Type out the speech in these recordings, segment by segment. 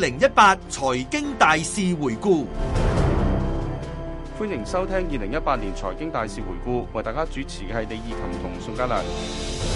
二零一八財經大事回顧，歡迎收聽二零一八年財經大事回顧，為大家主持嘅係李意琴同宋家樑。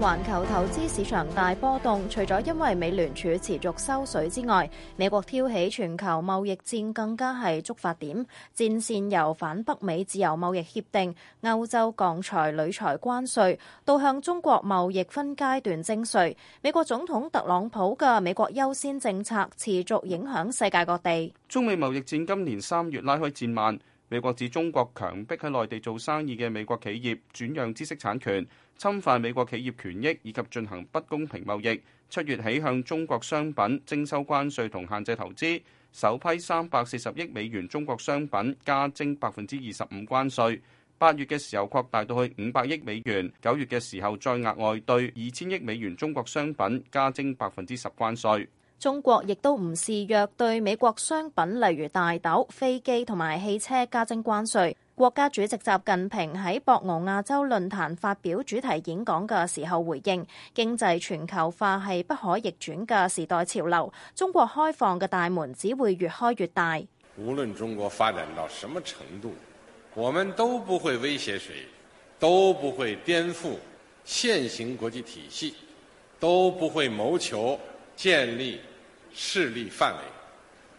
環球投資市場大波動，除咗因為美聯儲持續收水之外，美國挑起全球貿易戰更加係觸發點。戰線由反北美自由貿易協定、歐洲鋼材、鋁材關稅，到向中國貿易分階段徵稅。美國總統特朗普嘅美國優先政策持續影響世界各地。中美貿易戰今年三月拉開戰幔，美國指中國強迫喺內地做生意嘅美國企業轉讓知識產權。侵犯美國企業權益以及進行不公平貿易，七月起向中國商品徵收關稅同限制投資，首批三百四十億美元中國商品加徵百分之二十五關稅；八月嘅時候擴大到去五百億美元，九月嘅時候再額外對二千億美元中國商品加徵百分之十關稅。中國亦都唔示弱，對美國商品例如大豆、飛機同埋汽車加徵關稅。國家主席習近平喺博鰲亞洲論壇發表主題演講嘅時候回應：經濟全球化係不可逆轉嘅時代潮流，中國開放嘅大門只會越開越大。無論中國發展到什麼程度，我們都不會威脅誰，都不會顛覆現行國際體系，都不會謀求建立勢力範圍。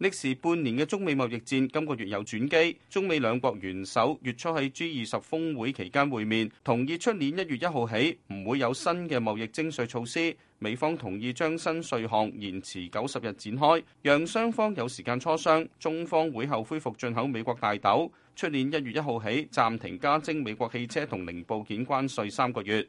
歷時半年嘅中美貿易戰，今個月有轉機。中美兩國元首月初喺 G20 峰會期間會面，同意出年一月一號起唔會有新嘅貿易徵稅措施。美方同意將新稅項延遲九十日展開，讓雙方有時間磋商。中方會後恢復進口美國大豆，出年一月一號起暫停加徵美國汽車同零部件關稅三個月。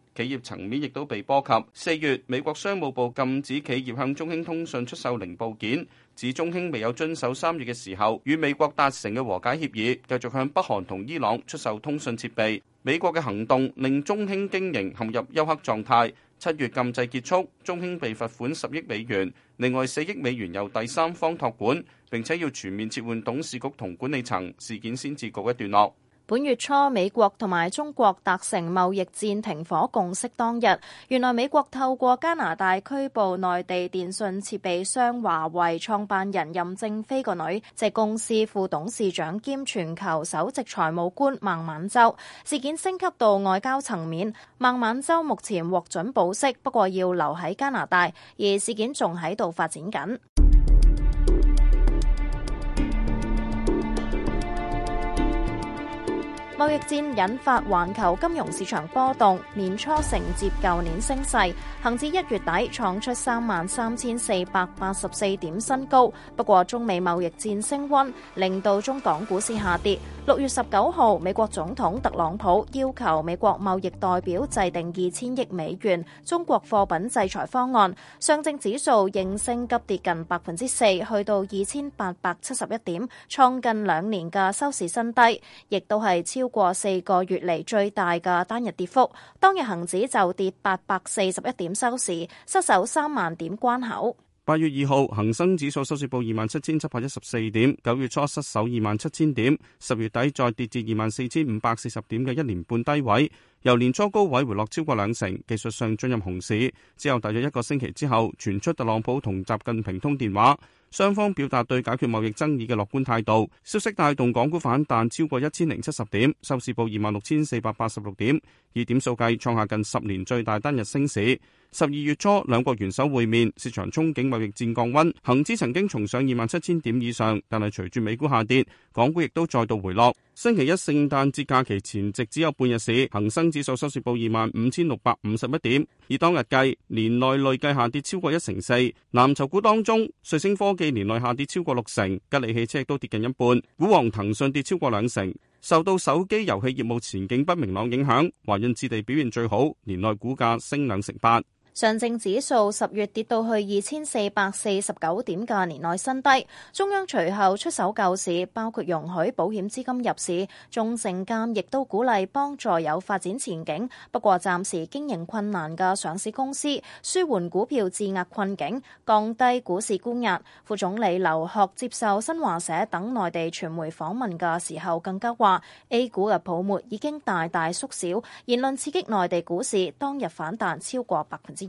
企業層面亦都被波及。四月，美國商務部禁止企業向中興通訊出售零部件，指中興未有遵守三月嘅時候與美國達成嘅和解協議，繼續向北韓同伊朗出售通訊設備。美國嘅行動令中興經營陷入休克狀態。七月禁制結束，中興被罰款十億美元，另外四億美元由第三方託管，並且要全面撤換董事局同管理層，事件先至告一段落。本月初，美國同埋中國達成貿易戰停火共識當日，原來美國透過加拿大拘捕內地電信設備商華為創辦人任正非個女，即公司副董事長兼全球首席財務官孟晚舟。事件升級到外交層面，孟晚舟目前獲准保釋，不過要留喺加拿大，而事件仲喺度發展緊。貿易戰引發環球金融市場波動，年初承接舊年升勢，行至一月底創出三萬三千四百八十四點新高。不過，中美貿易戰升溫，令到中港股市下跌。六月十九號，美國總統特朗普要求美國貿易代表制定二千億美元中國貨品制裁方案。上證指數應聲急跌近百分之四，去到二千八百七十一點，創近兩年嘅收市新低，亦都係超過四個月嚟最大嘅單日跌幅。當日恒指就跌八百四十一點收市，失守三萬點關口。八月二號，恒生指數收市報二萬七千七百一十四點，九月初失守二萬七千點，十月底再跌至二萬四千五百四十點嘅一年半低位，由年初高位回落超過兩成，技術上進入熊市。之後大約一個星期之後，傳出特朗普同習近平通電話，雙方表達對解決貿易爭議嘅樂觀態度，消息帶動港股反彈超過一千零七十點，收市報二萬六千四百八十六點，以點數計創下近十年最大單日升市。十二月初，兩國元首會面，市場憧憬貿易戰降溫。恒指曾經重上二萬七千點以上，但係隨住美股下跌，港股亦都再度回落。星期一聖誕節假期前夕，只有半日市，恒生指數收市報二萬五千六百五十一點，而當日計，年內累計下跌超過一成四。藍籌股當中，瑞聲科技年內下跌超過六成，吉利汽車亦都跌近一半，股王騰訊跌超過兩成。受到手機遊戲業務前景不明朗影響，華潤置地表現最好，年內股價升兩成八。上證指數十月跌到去二千四百四十九點嘅年內新低，中央隨後出手救市，包括容許保險資金入市，中證監亦都鼓勵幫助有發展前景，不過暫時經營困難嘅上市公司，舒緩股票質押困境，降低股市沽壓。副總理劉鶴接受新華社等內地傳媒訪問嘅時候，更加話 A 股嘅泡沫已經大大縮小，言論刺激內地股市當日反彈超過百分之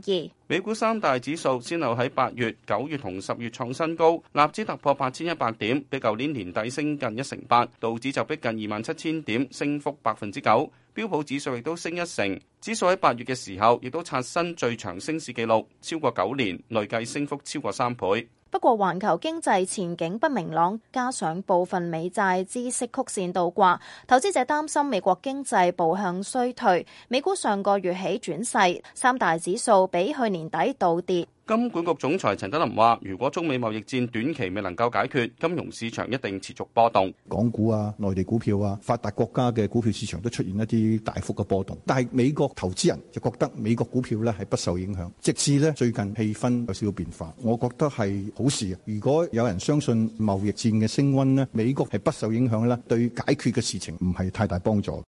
美股三大指數先後喺八月、九月同十月創新高，納指突破八千一百點，比舊年年底升近一成八，道指就逼近二萬七千點，升幅百分之九，標普指數亦都升一成。指數喺八月嘅時候，亦都刷新最長升市紀錄，超過九年累計升幅超過三倍。不過，環球經濟前景不明朗，加上部分美債孳息曲線倒掛，投資者擔心美國經濟步向衰退。美股上個月起轉勢，三大指數比去年底倒跌。金管局總裁陳德霖話，如果中美貿易戰短期未能夠解決，金融市場一定持續波動。港股啊，內地股票啊，發達國家嘅股票市場都出現一啲大幅嘅波動。但係美國。投資人就覺得美國股票咧係不受影響，直至咧最近氣氛有少少變化，我覺得係好事。如果有人相信貿易戰嘅升溫咧，美國係不受影響咧，對解決嘅事情唔係太大幫助。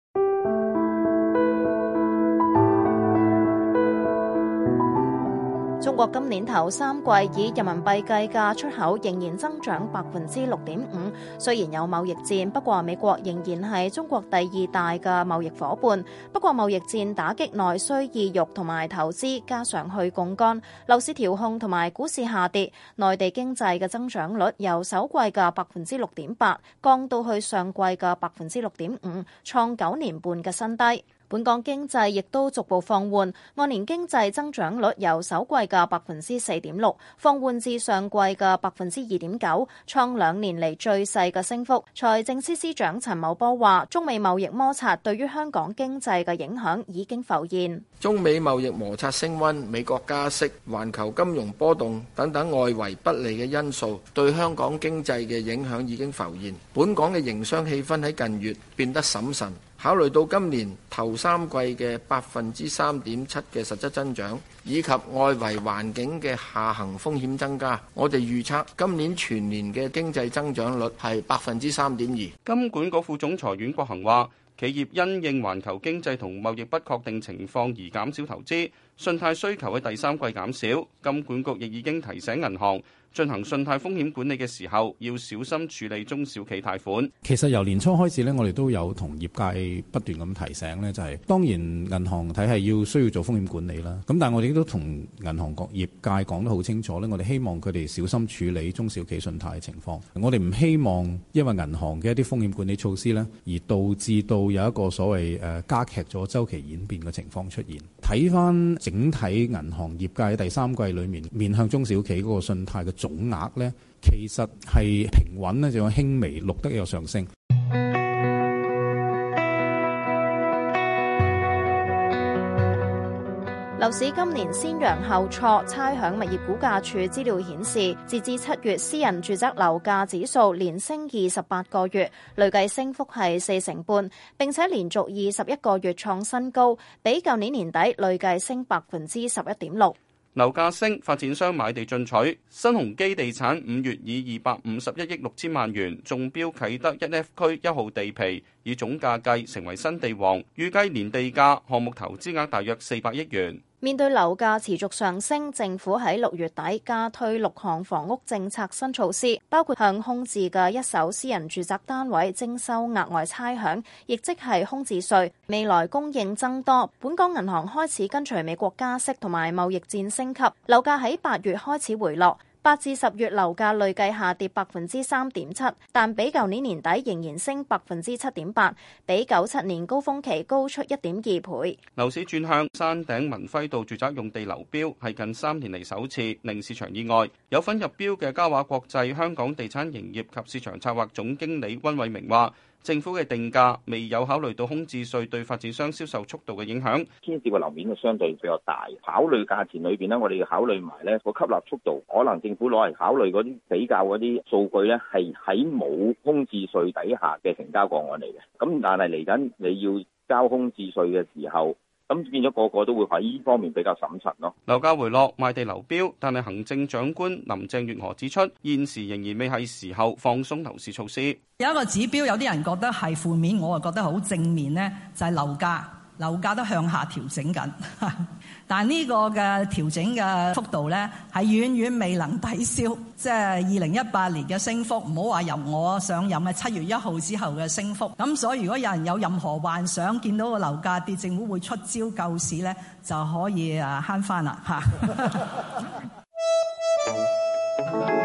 中國今年頭三季以人民幣計價出口仍然增長百分之六點五，雖然有貿易戰，不過美國仍然係中國第二大嘅貿易夥伴。不過貿易戰打擊內需意欲同埋投資，加上去槓桿、樓市調控同埋股市下跌，內地經濟嘅增長率由首季嘅百分之六點八降到去上季嘅百分之六點五，創九年半嘅新低。本港經濟亦都逐步放緩，按年經濟增長率由首季嘅百分之四點六放緩至上季嘅百分之二點九，創兩年嚟最細嘅升幅。財政司司長陳茂波話：中美貿易摩擦對於香港經濟嘅影響已經浮現。中美貿易摩擦升温、美國加息、環球金融波動等等外圍不利嘅因素，對香港經濟嘅影響已經浮現。本港嘅營商氣氛喺近月變得審慎。考慮到今年頭三季嘅百分之三點七嘅實質增長以及外圍環境嘅下行風險增加，我哋預測今年全年嘅經濟增長率係百分之三點二。金管局副總裁阮國恒話，企業因應環球經濟同貿易不確定情況而減少投資，信貸需求喺第三季減少。金管局亦已經提醒銀行進行信貸風險管理嘅時候，要小心處理中小企貸款。其實由年初開始呢，我哋都有同業界不斷咁提醒呢，就係當然銀行體系要需要做風險管理啦。咁但係我哋都同銀行各業界講得好清楚呢，我哋希望佢哋小心處理中小企信貸嘅情況。我哋唔希望因為銀行嘅一啲風險管理措施呢，而導致到有一個所謂誒加劇咗週期演變嘅情況出現。睇返整體銀行業界第三季裏面面向中小企嗰個信貸嘅。總額呢，其實係平穩呢，仲有輕微錄得有上升。樓市今年先揚後挫，差餉物業估價署資料顯示，截至七月，私人住宅樓價指數連升二十八個月，累計升幅係四成半，並且連續二十一個月創新高，比舊年年底累計升百分之十一點六。樓價升，發展商買地進取。新鴻基地產五月以二百五十一億六千萬元中標啟德一 F 區一號地皮，以總價計成為新地王，預計年地價項目投資額大約四百億元。面對樓價持續上升，政府喺六月底加推六項房屋政策新措施，包括向空置嘅一手私人住宅單位徵收額外差餉，亦即係空置稅。未來供應增多，本港銀行開始跟隨美國加息同埋貿易戰升級，樓價喺八月開始回落。八至十月樓價累計下跌百分之三點七，但比舊年年底仍然升百分之七點八，比九七年高峰期高出一點二倍。樓市轉向，山頂文輝道住宅用地流標係近三年嚟首次，令市場意外。有份入標嘅嘉華國際香港地產營業及市場策劃總經理温偉明話。政府嘅定價未有考慮到空置稅對發展商銷售速度嘅影響，牽涉嘅樓面就相對比較大。考慮價錢裏邊咧，我哋要考慮埋咧個吸納速度，可能政府攞嚟考慮嗰啲比較嗰啲數據咧，係喺冇空置稅底下嘅成交個案嚟嘅。咁但係嚟緊你要交空置稅嘅時候。咁見咗個個都會喺呢方面比較審慎咯。樓價回落賣地流標，但係行政長官林鄭月娥指出，現時仍然未係時候放鬆樓市措施。有一個指標，有啲人覺得係負面，我啊覺得好正面咧，就係樓價。樓價都向下調整緊， 但呢個嘅調整嘅幅度呢，係遠遠未能抵消即係二零一八年嘅升幅。唔好話由我上任嘅七月一號之後嘅升幅。咁所以如果有人有任何幻想，見到個樓價跌，政府會出招救市呢，就可以誒慳翻啦嚇。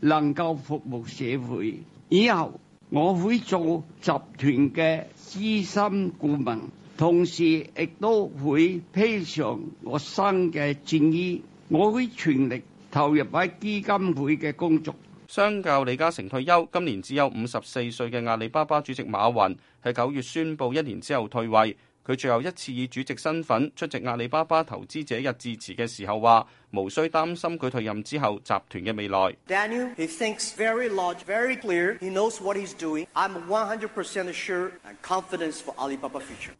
能夠服務社會，以後我會做集團嘅資深顧問，同時亦都會披上我新嘅戰衣，我會全力投入喺基金會嘅工作。相較李嘉誠退休，今年只有五十四歲嘅阿里巴巴主席馬雲，喺九月宣布一年之後退位。佢最後一次以主席身份出席阿里巴巴投資者日致辭嘅時候，話無需擔心佢退任之後集團嘅未來。Daniel, very large, very sure.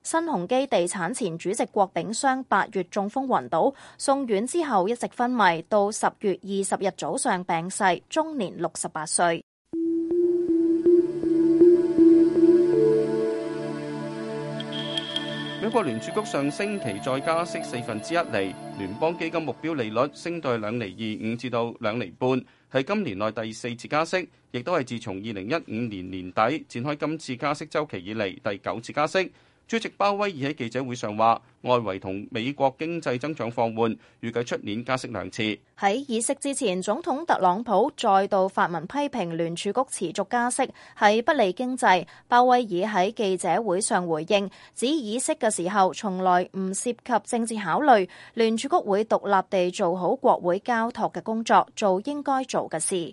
新鴻基地產前主席郭炳湘八月中風暈倒，送院之後一直昏迷，到十月二十日早上病逝，終年六十八歲。美國聯儲局上星期再加息四分之一厘，聯邦基金目標利率升到兩厘二五至到兩厘半，係今年內第四次加息，亦都係自從二零一五年年底展開今次加息周期以嚟第九次加息。主席鮑威爾喺記者會上話：外圍同美國經濟增長放緩，預計出年加息兩次。喺議息之前，總統特朗普再度發文批評聯儲局持續加息係不利經濟。鮑威爾喺記者會上回應，指議息嘅時候從來唔涉及政治考慮，聯儲局會獨立地做好國會交託嘅工作，做應該做嘅事。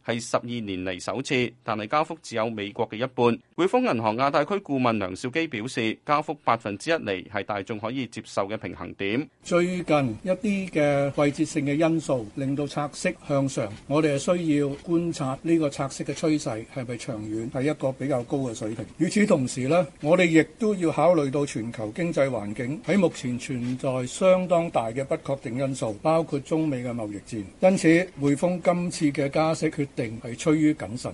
係十二年嚟首次，但係加幅只有美國嘅一半。匯豐銀行亞太區顧問梁兆基表示，加幅百分之一釐係大眾可以接受嘅平衡點。最近一啲嘅季節性嘅因素令到拆息向上，我哋係需要觀察呢個拆息嘅趨勢係咪長遠係一個比較高嘅水平。與此同時呢我哋亦都要考慮到全球經濟環境喺目前存在相當大嘅不確定因素，包括中美嘅貿易戰。因此，匯豐今次嘅加息佢，定係趨於謹慎。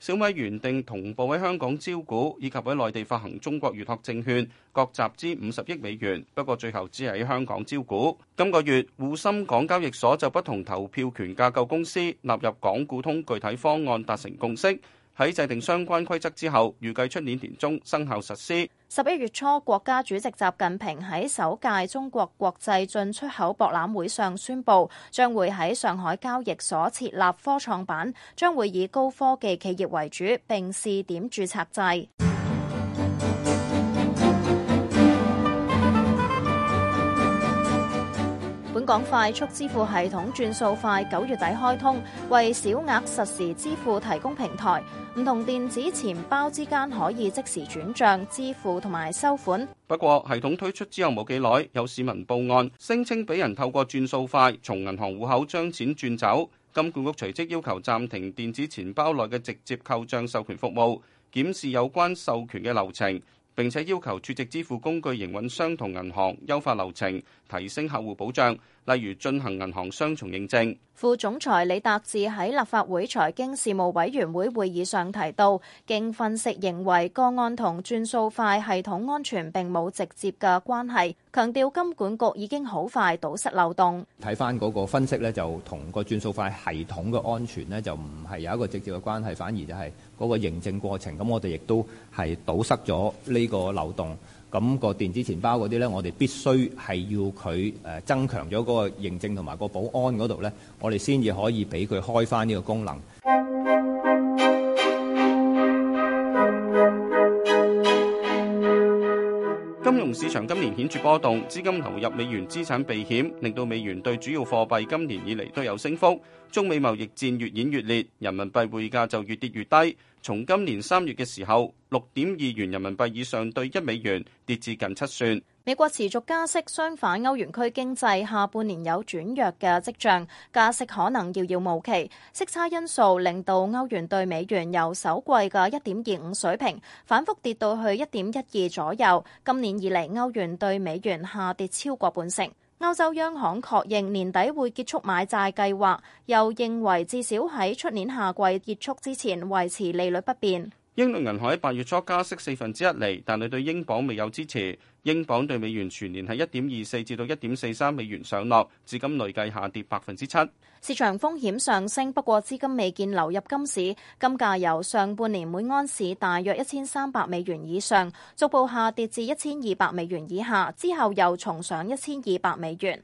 小米原定同步喺香港招股，以及喺內地發行中國預託證券，各集資五十億美元。不過最後只係喺香港招股。今個月，滬深港交易所就不同投票權架構公司納入港股通具體方案達成共識，喺制定相關規則之後，預計出年年中生效實施。十一月初，國家主席習近平喺首屆中國國際進出口博覽會上宣布，將會喺上海交易所設立科創板，將會以高科技企業為主，並試點註冊制。本港快速支付系統轉數快，九月底開通，為小額實時支付提供平台。唔同電子錢包之間可以即時轉賬支付同埋收款。不過系統推出之後冇幾耐，有市民報案，聲稱俾人透過轉數快從銀行戶口將錢轉走。金管局隨即要求暫停電子錢包內嘅直接扣賬授權服務，檢視有關授權嘅流程。並且要求儲值支付工具營運商同銀行優化流程，提升客戶保障。例如進行銀行雙重認證。副總裁李達志喺立法會財經事務委員會會議上提到，經分析認為個案同轉數快系統安全並冇直接嘅關係，強調金管局已經好快堵塞漏洞。睇翻嗰個分析咧，就同個轉數快系統嘅安全呢，就唔係有一個直接嘅關係，反而就係嗰個認證過程。咁我哋亦都係堵塞咗呢個漏洞。咁個電子錢包嗰啲咧，我哋必須係要佢誒增強咗嗰個認證同埋個保安嗰度咧，我哋先至可以俾佢開翻呢個功能。金融市場今年顯著波動，資金投入美元資產避險，令到美元對主要貨幣今年以嚟都有升幅。中美貿易戰越演越烈，人民幣匯價就越跌越低。從今年三月嘅時候，六點二元人民幣以上對一美元跌至近七算。美國持續加息，相反歐元區經濟下半年有轉弱嘅跡象，加息可能遙遙無期。息差因素令到歐元兌美元由首季嘅一點二五水平反覆跌到去一點一二左右。今年以嚟，歐元兌美元下跌超過半成。歐洲央行確認年底會結束買債計劃，又認為至少喺出年夏季結束之前維持利率不變。英倫銀行喺八月初加息四分之一厘，但佢對英鎊未有支持。英鎊對美元全年係一點二四至到一點四三美元上落，至今累計下跌百分之七。市場風險上升，不過資金未見流入金市。金價由上半年每安士大約一千三百美元以上，逐步下跌至一千二百美元以下，之後又重上一千二百美元。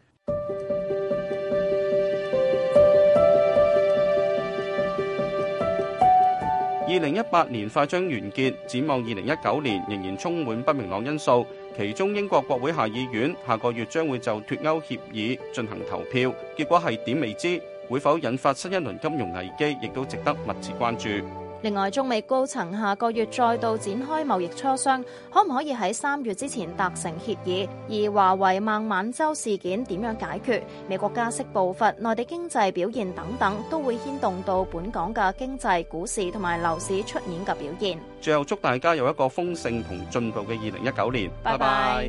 二零一八年快將完結，展望二零一九年仍然充滿不明朗因素。其中，英國國會下議院下個月將會就脫歐協議進行投票，結果係點未知，會否引發新一輪金融危機，亦都值得密切關注。另外，中美高層下個月再度展開貿易磋商，可唔可以喺三月之前達成協議，而華為孟晚舟事件點樣解決？美國加息步伐、內地經濟表現等等，都會牽動到本港嘅經濟股市同埋樓市出面嘅表現。最後祝大家有一個豐盛同進步嘅二零一九年。拜拜。